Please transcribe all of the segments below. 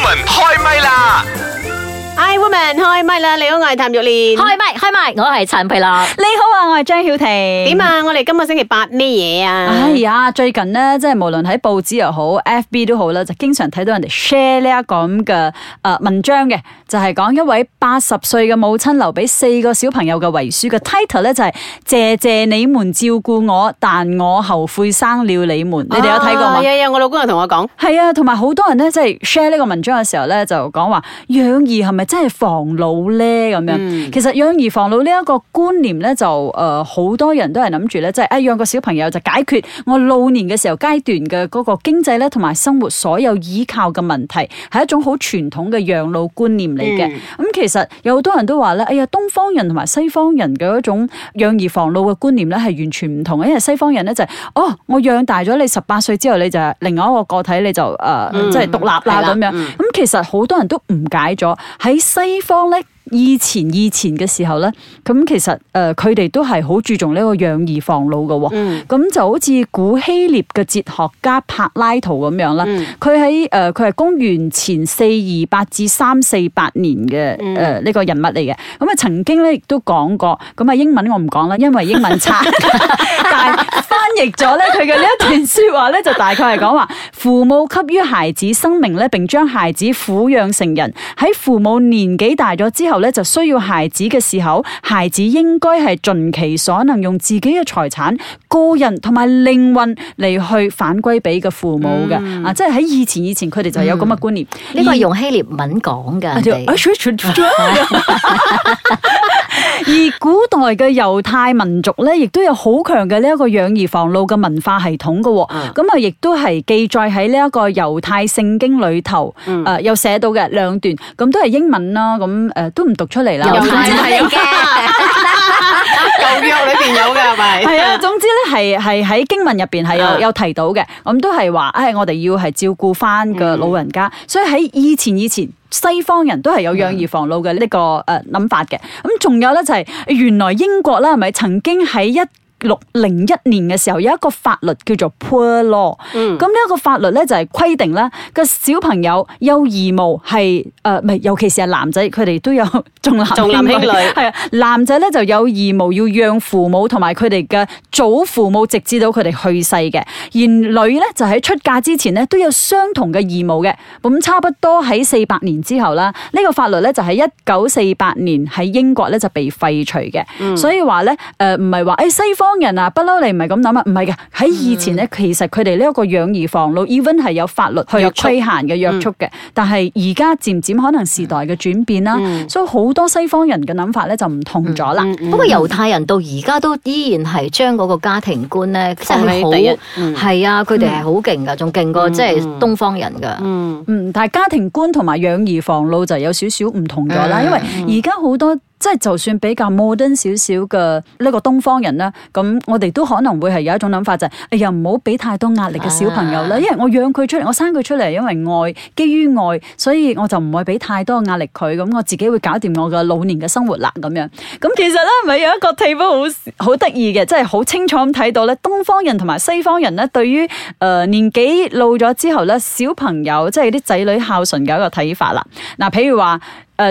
Iwoman，開麥啦！Iwoman，開麥啦！你好，我係譚玉蓮。開麥。嗨咪，我係陳皮樂。你好啊，我係張曉婷。點啊？我哋今個星期八咩嘢啊？哎呀，最近咧，即係無論喺報紙又好、FB 都好啦，就經常睇到人哋 share 呢一個咁嘅誒文章嘅，就係、是、講一位八十歲嘅母親留俾四個小朋友嘅遺書嘅 title 咧，就係、是、謝謝你們照顧我，但我後悔生了你們。啊、你哋有睇過嗎？有有，有我老公又同我講。係啊，同埋好多人咧，即係 share 呢個文章嘅時候咧，就講話養兒係咪真係防老咧？咁樣、嗯，其實養兒。防老呢一個觀念咧，就誒好多人都係諗住咧，即係啊養個小朋友就解決我老年嘅時候階段嘅嗰個經濟咧同埋生活所有依靠嘅問題，係一種好傳統嘅養老觀念嚟嘅。咁、嗯、其實有好多人都話咧，哎呀，東方人同埋西方人嘅一種養兒防老嘅觀念咧係完全唔同嘅，因為西方人咧就係、是、哦，我養大咗你十八歲之後，你就係另外一個個體，你就誒即係獨立啦咁的樣。咁、嗯、其實好多人都誤解咗喺西方咧。以前以前嘅時候咧，咁其實誒佢哋都係好注重呢個養兒防老嘅喎，咁、嗯、就好似古希臘嘅哲學家柏拉圖咁樣啦，佢喺誒佢係公元前四二八至三四八年嘅誒呢個人物嚟嘅。咁啊、嗯、曾經咧亦都講過，咁啊英文我唔講啦，因為英文差， 但係翻譯咗咧佢嘅呢一段説話咧就大概係講話。父母給予孩子生命咧，並將孩子撫養成人。喺父母年紀大咗之後咧，就需要孩子嘅時候，孩子應該係盡其所能，用自己嘅財產、個人同埋靈魂嚟去反歸俾嘅父母嘅。啊、嗯，即係喺以前以前，佢哋就有咁嘅觀念。呢個係用希臘文講嘅，而古代嘅猶太民族咧，亦都有好強嘅呢一個養兒防老嘅文化系統嘅。咁啊、嗯，亦都係記載。喺呢一個猶太聖經裏頭，誒又、嗯呃、寫到嘅兩段，咁都係英文啦，咁、呃、誒都唔讀出嚟啦，又係嘅，舊約裏邊有嘅係咪？係啊，總之咧係係喺經文入邊係有有提到嘅，咁都係話，誒、哎、我哋要係照顧翻個老人家，嗯、所以喺以前以前西方人都係有養兒防老嘅呢個誒諗法嘅，咁仲有咧就係、是、原來英國啦，係咪曾經喺一六零一年嘅時候，有一個法律叫做 Poor Law、嗯。咁呢一個法律咧就係規定咧個小朋友有義務係誒，唔係，呃，尤其是係男仔，佢哋都有重男重男輕女係啊。男仔咧就有義務要讓父母同埋佢哋嘅祖父母直至到佢哋去世嘅。而女咧就喺出嫁之前咧都有相同嘅義務嘅。咁差不多喺四百年之後啦，呢、這個法律咧就喺一九四八年喺英國咧就被廢除嘅。所以話咧誒，唔係話誒西方。西方人啊，不嬲你唔係咁諗啊，唔係嘅喺以前咧，嗯、其實佢哋呢一個養兒防老 even 係有法律去規限嘅約束嘅，嗯、但係而家漸漸可能時代嘅轉變啦，嗯、所以好多西方人嘅諗法咧就唔同咗啦。不過猶太人到而家都依然係將嗰個家庭觀咧，即係好係啊，佢哋係好勁噶，仲、嗯、勁、嗯、過即係東方人噶、嗯。嗯，嗯但係家庭觀同埋養兒防老就有少少唔同咗啦，嗯、因為而家好多。即係就算比較 modern 少少嘅呢個東方人啦，咁我哋都可能會係有一種諗法，就是，就係哎呀唔好俾太多壓力嘅小朋友啦，因為我養佢出嚟，我生佢出嚟，因為愛，基於愛，所以我就唔會俾太多壓力佢，咁我自己會搞掂我嘅老年嘅生活啦，咁樣。咁其實咧，咪有一個 table 好好得意嘅，即係好清楚咁睇到咧，東方人同埋西方人咧，對於誒年紀老咗之後咧，小朋友即係啲仔女孝順嘅一個睇法啦。嗱，譬如話。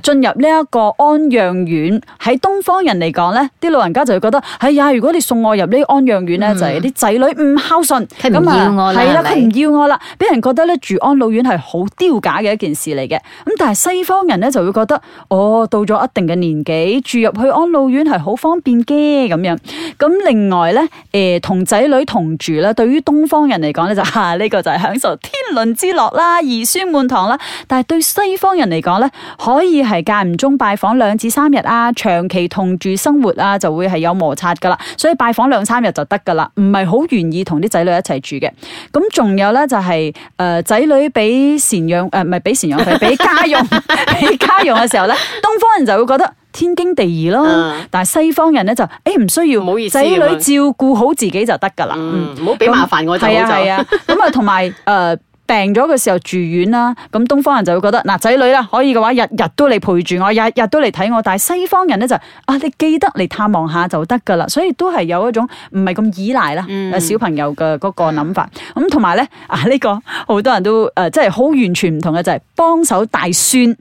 誒進入呢一個安養院，喺東方人嚟講咧，啲老人家就會覺得，哎呀，如果你送我入呢安養院咧，嗯、就係啲仔女唔孝順，咁啊，係啦，佢唔要我啦，俾人覺得咧住安老院係好丟架嘅一件事嚟嘅。咁但係西方人咧就會覺得，哦，到咗一定嘅年紀，住入去安老院係好方便嘅咁樣。咁另外咧，誒、呃、同仔女同住啦，對於東方人嚟講咧就話呢、啊呢個就係享受天倫之樂啦，兒孫滿堂啦。但係對西方人嚟講咧，可以。啲係間唔中拜訪兩至三日啊，長期同住生活啊，就會係有摩擦噶啦，所以拜訪兩三日就得噶啦，唔係好願意同啲仔女一齊住嘅。咁仲有咧就係、是、誒，仔、呃、女俾贍養誒，唔係俾贍養費，俾家用俾 家用嘅時候咧，東方人就會覺得天經地義咯，嗯、但係西方人咧就誒唔、欸、需要，唔好意思，仔女照顧好自己就得噶啦，唔、嗯嗯、好俾麻煩我。係啊係啊，咁 啊同埋誒。病咗嘅時候住院啦，咁東方人就會覺得嗱，仔女啦，可以嘅話日日都嚟陪住我，日日都嚟睇我。但係西方人咧就啊，你記得嚟探望下就得噶啦，所以都係有一種唔係咁依賴啦。嗯、小朋友嘅嗰個諗法，咁同埋咧啊、呢、這個好多人都誒，即係好完全唔同嘅就係幫手帶孫。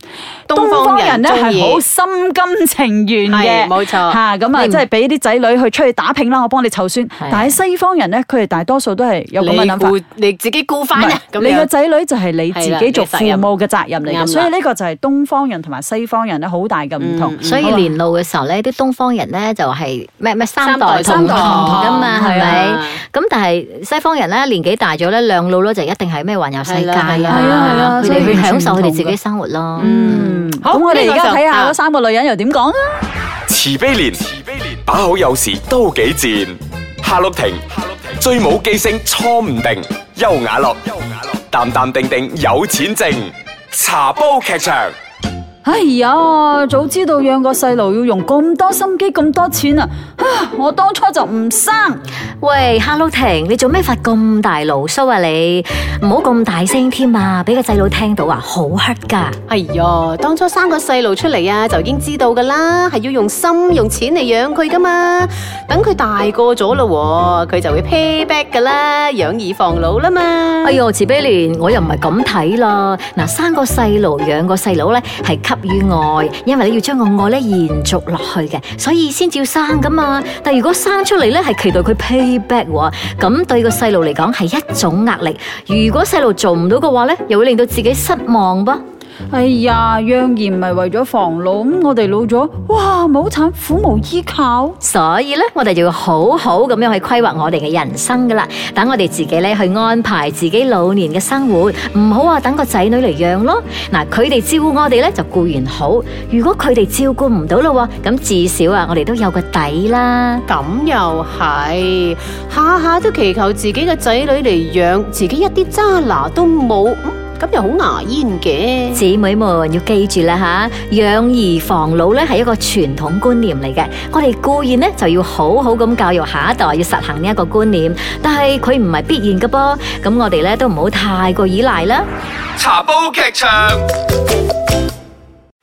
東方人咧係好心甘情願嘅，冇錯吓，咁啊即係俾啲仔女去出去打拼啦，我幫你湊孫。的但係西方人咧，佢哋大多數都係有咁嘅諗法你，你自己顧翻啊個仔女就係你自己做父母嘅責任嚟嘅，所以呢個就係東方人同埋西方人咧好大嘅唔同。所以年老嘅時候咧，啲東方人咧就係咩咩三代同堂啊嘛，係咪？咁但係西方人咧年紀大咗咧，兩老咧就一定係咩環遊世界啊，係啊，係啊，所以佢哋享受佢哋自己生活咯。嗯，好。咁我哋而家睇下嗰三個女人又點講啊？慈悲蓮，慈悲蓮，把口有時都幾賤；夏綠亭，夏綠亭，最冇記性錯唔定；優雅樂，優雅樂。淡淡定定有錢剩，茶煲劇場。哎呀，早知道養個細路要用咁多心機、咁多錢啊！我當初就唔生。喂，Hello 婷，你做咩發咁大牢騷啊，啊？你唔好咁大聲添啊，俾個細路聽到啊，好 hurt 噶。哎呀，當初生個細路出嚟啊，就已經知道噶啦，係要用心、用錢嚟養佢噶嘛。等佢大個咗咯，佢就會 pay back 噶啦，養兒防老啦嘛。哎呀，慈悲蓮，我又唔係咁睇啦。嗱，生個細路、養個細佬咧，係吸。因為你要將個愛咧延續落去嘅，所以先至要生㗎嘛。但如果生出嚟咧，係期待佢 pay back 喎，咁對個細路嚟講係一種壓力。如果細路做唔到嘅話呢，又會令到自己失望噃。哎呀，養兒唔係為咗防老，我哋老咗，哇，冇慘，苦無依靠。所以咧，我哋就要好好咁樣去規劃我哋嘅人生噶啦，等我哋自己咧去安排自己老年嘅生活，唔好話等個仔女嚟養咯。嗱，佢哋照顧我哋咧就固然好，如果佢哋照顧唔到咯，咁至少啊我哋都有個底啦。咁又係，下下都祈求自己嘅仔女嚟養，自己一啲渣拿都冇。咁又好牙煙嘅，姊妹們要記住啦吓，養兒防老咧係一個傳統觀念嚟嘅，我哋固然咧就要好好咁教育下一代，要實行呢一個觀念，但係佢唔係必然嘅噃，咁我哋咧都唔好太過依賴啦。茶煲劇場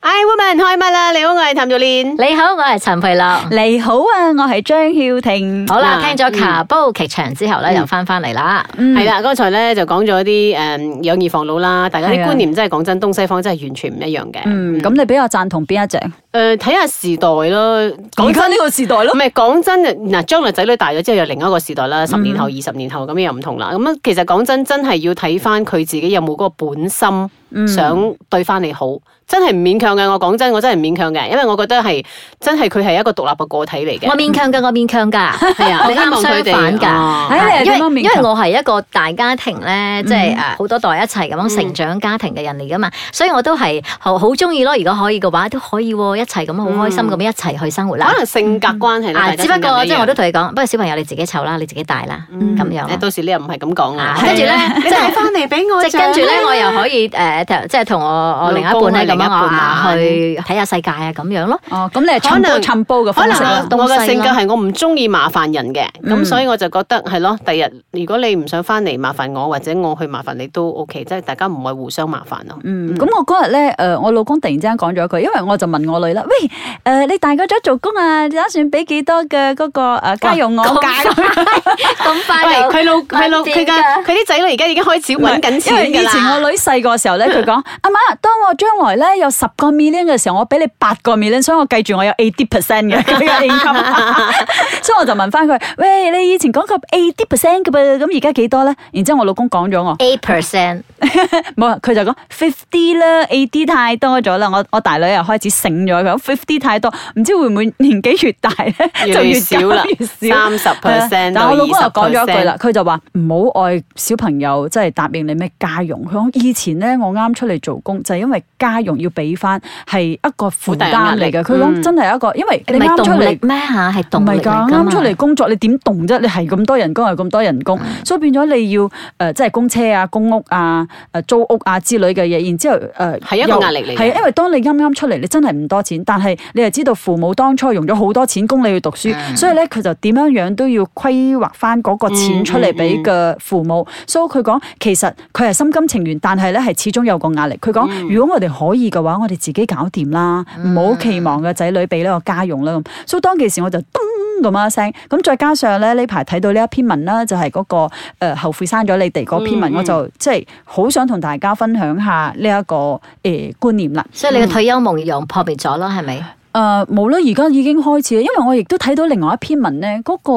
，Iwoman 開麥啦，劉。係譚兆蓮，你好，我係陳培樂，你好啊，我係張曉婷。好啦，聽咗卡布劇場之後咧，又翻翻嚟啦。係啦，剛才咧就講咗一啲誒養兒防老啦，大家啲觀念真係講真，東西方真係完全唔一樣嘅。嗯，咁你比較贊同邊一隻？誒，睇下時代咯。講真呢個時代咯。唔係講真，嗱將來仔女大咗之後又另一個時代啦。十年後、二十年後咁又唔同啦。咁其實講真，真係要睇翻佢自己有冇嗰個本心，想對翻你好。真係唔勉強嘅，我講真，我真係唔勉強嘅，因為我覺得係真係佢係一個獨立嘅個體嚟嘅。我勉強嘅，我勉強㗎，係啊，我希望佢哋反㗎，因為因為我係一個大家庭咧，即係誒好多代一齊咁樣成長家庭嘅人嚟㗎嘛，所以我都係好好中意咯。如果可以嘅話，都可以一齊咁樣好開心咁樣一齊去生活啦。可能性格關係啦，只不過即係我都同你講，不如小朋友你自己湊啦，你自己帶啦，咁樣。到時呢又唔係咁講呀。跟住咧，即係翻嚟俾我。即跟住咧，我又可以誒，即係同我我另一半去睇下世界啊，咁樣咯。哦，咁你係趁波趁煲嘅方式，可能我嘅性格係我唔中意麻煩人嘅，咁所以我就覺得係咯。第日如果你唔想翻嚟麻煩我，或者我去麻煩你都 OK，即係大家唔係互相麻煩咯。嗯，咁我嗰日咧，誒，我老公突然之間講咗佢，因為我就問我女啦，喂，誒，你大個咗做工啊？打算俾幾多嘅嗰個誒家用我？咁快咁快嚟，佢老佢佢啲仔女而家已經開始搵緊錢，因為以前我女細個嘅時候咧，佢講阿媽，當我將來咧有十個 million 嘅時候，我俾你八個 million，所以我計住我有 eighty percent 嘅，所以我就問翻佢：喂，你以前講過 eighty percent 嘅噃，咁而家幾多咧？然之後我老公講咗我 eight percent，冇，佢 就講 fifty 啦 eighty 太多咗啦，我我大女又開始醒咗，佢講 fifty 太多，唔知會唔會年紀越大咧 就越，越少啦，三十 percent 到二十 percent 但我老公又講咗一句啦，佢就話唔好愛小朋友，即係答應你咩家用，佢講以前咧我啱出嚟做工就係因為家用。要俾翻係一個負擔嚟嘅，佢講真係一個，因為你啱出嚟咩，係動力嚟噶嘛？唔係噶，啱出嚟工作你點動啫？你係咁多人工，係咁多人工，嗯、所以變咗你要誒，即係供車啊、供屋啊、誒租屋啊之類嘅嘢。然之後誒，係、呃、一個壓力嚟，係因為當你啱啱出嚟，你真係唔多錢，但係你又知道父母當初用咗好多錢供你去讀書，嗯、所以咧佢就點樣樣都要規劃翻嗰個錢出嚟俾嘅父母。嗯嗯嗯，所以佢講，其實佢係心甘情願，但係咧係始終有個壓力。佢講，如果我哋可以。嘅話，我哋自己搞掂啦，唔好、嗯、期望個仔女俾呢個家用啦。咁，所以當其時我就咚咁一聲，咁再加上咧呢排睇到呢一篇文啦，就係、是、嗰、那個誒、呃、後悔生咗你哋嗰篇文，嗯、我就即係好想同大家分享一下呢、這、一個誒、呃、觀念啦。所以你嘅退休夢又破滅咗啦，係咪、嗯？是不是誒冇啦，而家、呃、已經開始了，因為我亦都睇到另外一篇文咧，嗰、那個、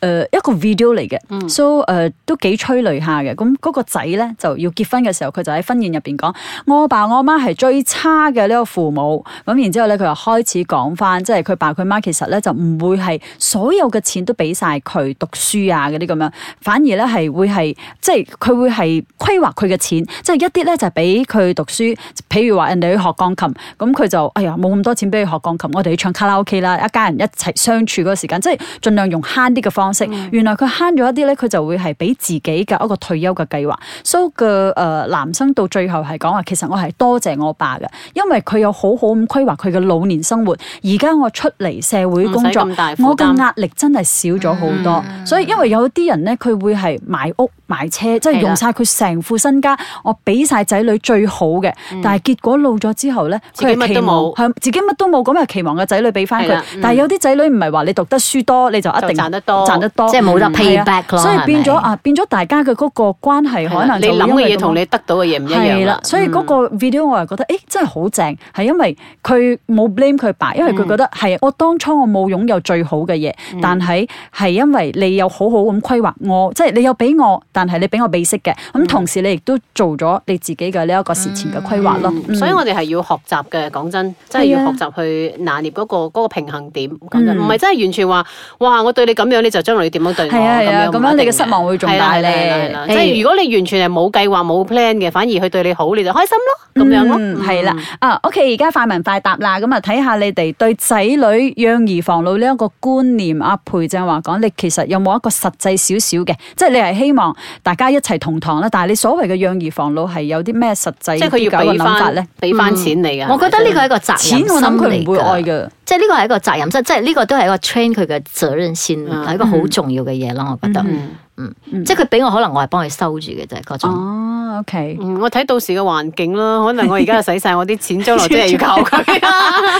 呃、一個 video 嚟嘅、嗯、，so 誒、呃、都幾催淚下嘅。咁、那、嗰個仔咧就要結婚嘅時候，佢就喺婚宴入邊講：我爸我媽係最差嘅呢個父母。咁然之後咧，佢又開始講返，即係佢爸佢媽其實咧就唔會係所有嘅錢都俾晒佢讀書啊嗰啲咁樣，反而咧係會係即係佢會係規劃佢嘅錢，即、就、係、是、一啲咧就係俾佢讀書，譬如話人哋去學鋼琴，咁佢就，哎呀冇咁多錢俾佢學鋼琴。咁我哋去唱卡拉 OK 啦，一家人一齊相處嗰個時間，即係盡量用慳啲嘅方式。嗯、原來佢慳咗一啲咧，佢就會係俾自己嘅一個退休嘅計劃。所以嘅誒男生到最後係講話，其實我係多謝我爸嘅，因為佢有好好咁規劃佢嘅老年生活。而家我出嚟社會工作，我嘅壓力真係少咗好多。嗯、所以因為有啲人咧，佢會係買屋買車，即係用晒佢成副身家，的我俾晒仔女最好嘅，嗯、但係結果老咗之後咧，自己乜都冇，係自己乜都冇咁樣期望嘅仔女俾翻佢，但係有啲仔女唔係話你讀得書多你就一定賺得多，即係冇得 pay back，所以變咗啊，變咗大家嘅嗰個關係可能你諗嘅嘢，同你得到嘅嘢唔一樣。係啦，所以嗰個 video 我又覺得誒真係好正，係因為佢冇 blame 佢爸，因為佢覺得係我當初我冇擁有最好嘅嘢，但係係因為你有好好咁規劃我，即係你有俾我，但係你俾我俾息嘅，咁同時你亦都做咗你自己嘅呢一個事前嘅規劃咯。所以我哋係要學習嘅，講真，真係要學習去。拿捏嗰個嗰個平衡點，唔係真係完全話，哇！我對你咁樣你就將來要點樣對我咁樣？咁樣你嘅失望會仲大咧。即係如果你完全係冇計劃冇 plan 嘅，反而佢對你好，你就開心咯，咁樣咯，係啦。啊，OK，而家快問快答啦，咁啊睇下你哋對仔女養兒防老呢一個觀念，阿裴正話講，你其實有冇一個實際少少嘅？即係你係希望大家一齊同堂啦，但係你所謂嘅養兒防老係有啲咩實際？即係佢要個諗法咧，俾翻錢你嘅。我覺得呢個係一個責任嚟。愛，即呢個係一個責任，即、就、呢、是、個都係一個 train 佢嘅責任心，係、嗯、一個好重要嘅嘢啦。我覺得，嗯，嗯嗯即係佢俾我，可能我係幫佢收住嘅，就係、是、嗰種。哦 O.K. 嗯，我睇到時嘅環境咯，可能我而家又使曬我啲錢將來即係要靠佢，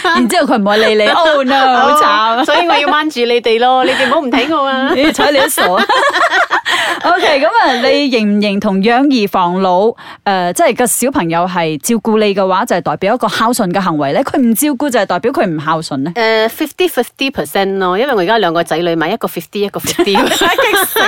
然之後佢唔會理你。Oh no！好慘，所以我要掹住你哋咯，你哋唔好唔睇我啊。你睬你都傻。O.K. 咁啊，你認唔認同養兒防老？誒，即係個小朋友係照顧你嘅話，就係代表一個孝順嘅行為咧。佢唔照顧就係代表佢唔孝順咧。誒，fifty-fifty percent 咯，因為我而家兩個仔女，咪一個 fifty 一個 fifty，激死！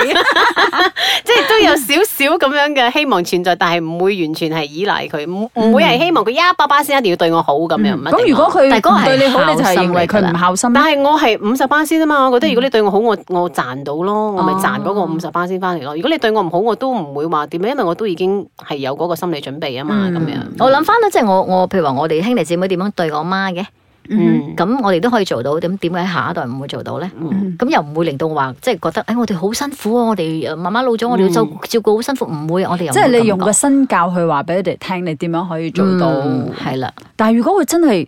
即係都有少少咁樣嘅希望存在。但係唔會完全係依賴佢，唔唔會係希望佢一百巴先一定要對我好咁樣。咁、嗯嗯、如果佢對你好，你就認為佢唔孝心。但係我係五十巴先啊嘛，我覺得如果你對我好，嗯、我我賺到咯，我咪賺嗰個五十巴先翻嚟咯。哦、如果你對我唔好，我都唔會話點樣，因為我都已經係有嗰個心理準備啊嘛。咁、嗯、樣我諗翻啦，即係、嗯、我我譬如話我哋兄弟姊妹點樣對我媽嘅？嗯，咁、mm hmm. 我哋都可以做到，點點解下一代唔會做到咧？咁、mm hmm. 又唔會令到我話，即、就、係、是、覺得，哎，我哋好辛苦啊！我哋慢慢老咗，mm hmm. 我哋要照顧好辛苦，唔會，我哋又即係你用個身教去話俾佢哋聽，你點樣可以做到？係啦、mm，hmm. 但係如果佢真係。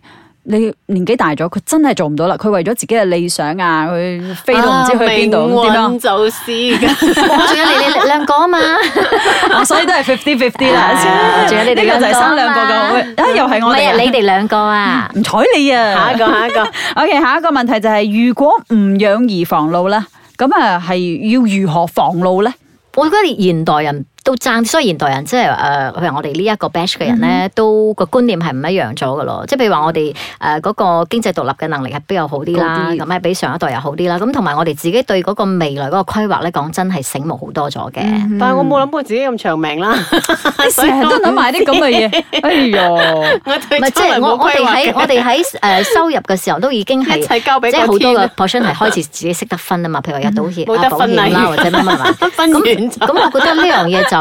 你年紀大咗，佢真係做唔到啦。佢為咗自己嘅理想啊，佢飛到唔知去邊度點啊！命運造師，仲有你哋兩個啊嘛，所以都係 fifty fifty 啦。仲有你哋兩個就生兩個個，啊又係我哋，唔係啊你哋兩個啊，唔睬你啊。下一個，下一個。OK，下一個問題就係如果唔養兒防老咧，咁啊係要如何防老咧？我覺得現代人，都爭，所以現代人即係誒，譬如我哋呢一個 batch 嘅人咧，都個觀念係唔一樣咗㗎咯。即係譬如話我哋誒嗰個經濟獨立嘅能力係比較好啲啦，咁係比上一代又好啲啦。咁同埋我哋自己對嗰個未來嗰個規劃咧，講真係醒目好多咗嘅。但係我冇諗過自己咁長命啦，成日都諗埋啲咁嘅嘢。哎呀，即係我我哋喺我哋喺誒收入嘅時候都已經一即係好多個 portion 係開始自己識得分啦嘛。譬如話有保險、冇得分險啦或者乜乜嘛，咁我覺得呢樣嘢。 就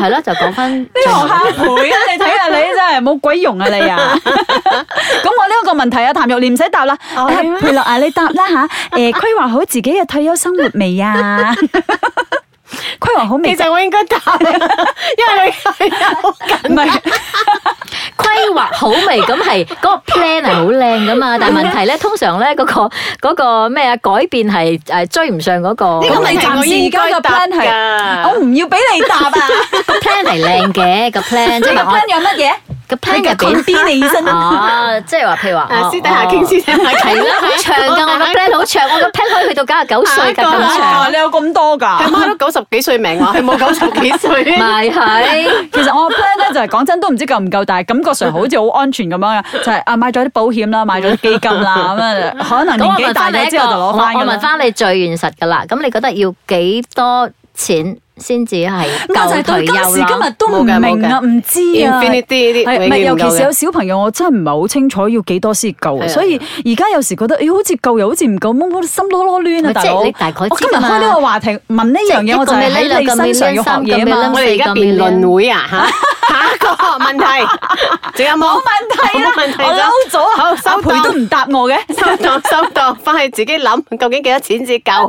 係啦，就講翻啲學校賠你睇下，啊你，啊、你真係冇鬼用啊你啊！咁 我呢個問題啊，譚玉蓮唔使答啦，係佩樂啊你答啦吓，誒規劃好自己嘅退休生活未啊？ 規劃好未？其實我應該答你， 因為你係 唔係 規劃好緊。唔係規劃好未？咁係嗰個 plan 係好靚噶嘛， 但係問題咧，通常咧嗰、嗰個、嗰個咩啊改變係誒追唔上嗰、嗰個。呢個咪暫時而家個 plan 係，我唔要俾你答啊。plan 係靚嘅個 plan 即係、嗰個、 我嗰個 plan 有乜嘢？個 plan 入邊，你起身得哦，即係話譬如話，私底下傾私底下傾啦，好長噶，我個 plan 好長，我個 plan 可以去到九十九歲咁長？你有咁多噶？係媽都九十幾歲命啊。佢冇九十幾歲。唔係，其實我個 plan 咧就係講真都唔知夠唔夠大，感覺上好似好安全咁樣噶，就係啊買咗啲保險啦，買咗啲基金啦，咁可能年紀大咗之後就攞翻。我問翻你最現實噶啦，咁你覺得要幾多錢？先至係，我就係到今時今日都唔明啊，唔知啊，係尤其是有小朋友，我真係唔係好清楚要幾多先夠，所以而家有時覺得，咦，好似夠又好似唔夠，懵懵心囉囉攣啊，大佬。我今日開呢個話題問呢樣嘢，我就喺你身上要學嘢啊！我哋而家辯論會啊，下一個問題，仲有冇問題啦，我嬲咗，好，收培都唔答我嘅，收檔收檔，翻去自己諗究竟幾多錢至夠。